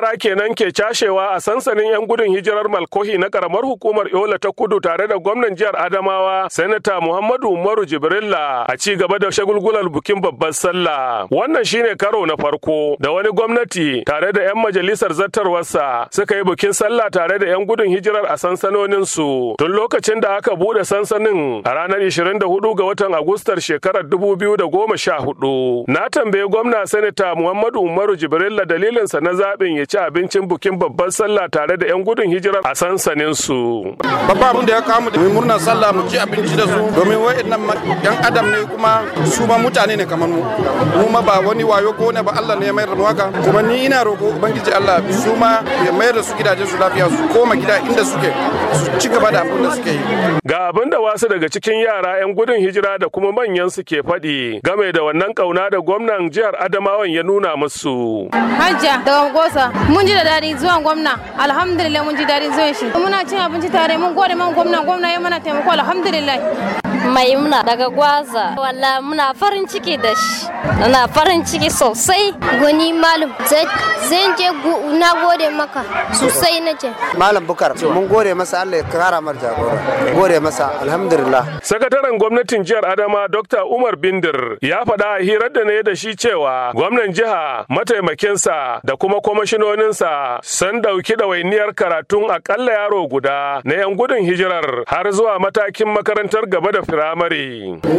yara kenan ke cashewa a sansanin 'yan gudun hijirar Malkohi na karamar hukumar Yola ta Kudu tare da gwamnan jihar Adamawa, Sanata Muhammadu Umaru Jibrilla a ci gaba da shagulgular bukin babbar sallah. Wannan shine karo na farko da wani gwamnati tare da 'yan majalisar zattarwarsa suka yi bukin sallah tare da 'yan gudun hijirar a sansanonin su. Tun lokacin da aka bude sansanin a ranar 24 ga watan Agustar shekarar 2014. Na tambayi gwamna Sanata Muhammadu Umaru Jibrilla dalilinsa na zaɓin ya ci abincin bukin babban sallah tare da 'yan gudun hijira a sansanin su. Babba abin da ya kamu da murna sallah mu ci abinci da su domin wa'annan 'yan adam ne kuma su ma mutane ne kamar mu. Mu ma ba wani wayo ko ne ba Allah ne ya mayar da mu haka. Kuma ni ina roƙo Ubangiji Allah su ma ya mayar da su gidaje su lafiya su koma gida inda suke su ci gaba da abin da suke yi. Ga abin da wasu daga cikin yara 'yan gudun hijira da kuma manyan su ke faɗi game da wannan kauna da gwamnan jihar Adamawan ya nuna musu. Hajja daga Gosa mun ji da daɗi zuwa gwamna alhamdulillah mun ji daɗi zuwan shi muna cin abinci tare mun gode man gwamna gwamna ya mana taimako alhamdulillah maimuna daga gwaza wala muna farin ciki da shi muna farin ciki sosai gwani malam zan je na gode maka sosai na ce malam bukar mun gode masa Allah ya kara mar jagora gode masa alhamdulillah sakataren gwamnatin jihar adama dr umar bindir ya faɗa a hirar da yi da shi cewa gwamnan jiha mataimakinsa da kuma kwamishinoninsa sun ɗauki ɗawainiyar karatun akalla yaro guda na 'yan gudun hijirar har zuwa matakin makarantar gaba da firamare.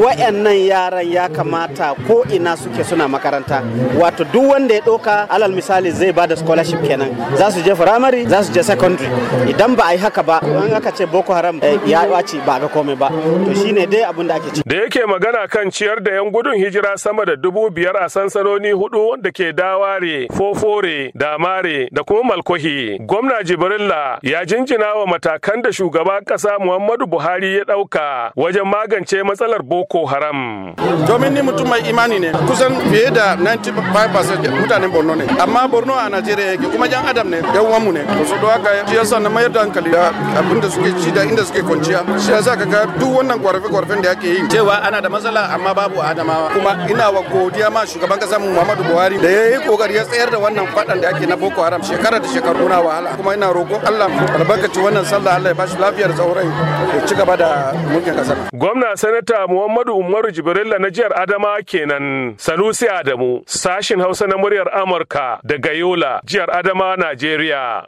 Wa'annan yaran ya kamata ko ina suke suna makaranta. Wato duk wanda ya ɗauka alal misali zai bada scholarship kenan. Za su je firamare, za su je secondary. Idan ba a yi haka ba, an aka ce Boko Haram eh, ya ɓaci ba ga komai ba. To shine dai abin da ake ci. Da yake magana kan ciyar da 'yan gudun hijira sama da dubu biyar a sansanoni hudu da ke daware, fofore, damare da kuma malkohi. Gwamna Jibrilla ya jinjina wa matakan da shugaban ƙasa Muhammadu Buhari ya ɗauka wajen ma magance matsalar Boko Haram. Domin ni mutum mai imani ne kusan fiye da 95% mutanen Borno ne amma Borno a Najeriya yake kuma jan adam ne yan uwanmu ne to so haka shi yasa na mayar da hankali da abin da suke ci da inda suke kwanciya shi yasa ga duk wannan kwarfe kwarfen da yake yi cewa ana da matsala amma babu adamawa kuma ina wa godiya ma shugaban kasa Muhammadu Buhari da ya yi kokari ya tsayar da wannan fadan da ake na Boko Haram shekara da shekaru na wahala kuma ina roƙon Allah albarkaci wannan sallah Allah ya bashi lafiyar tsaurai ya ci gaba da mulkin kasa. Gwamna Sanata Muhammadu Umaru Jibrilla na jihar Adama kenan Sanusi Adamu sashin Hausa na muryar Amurka daga Yola jihar Adama Najeriya.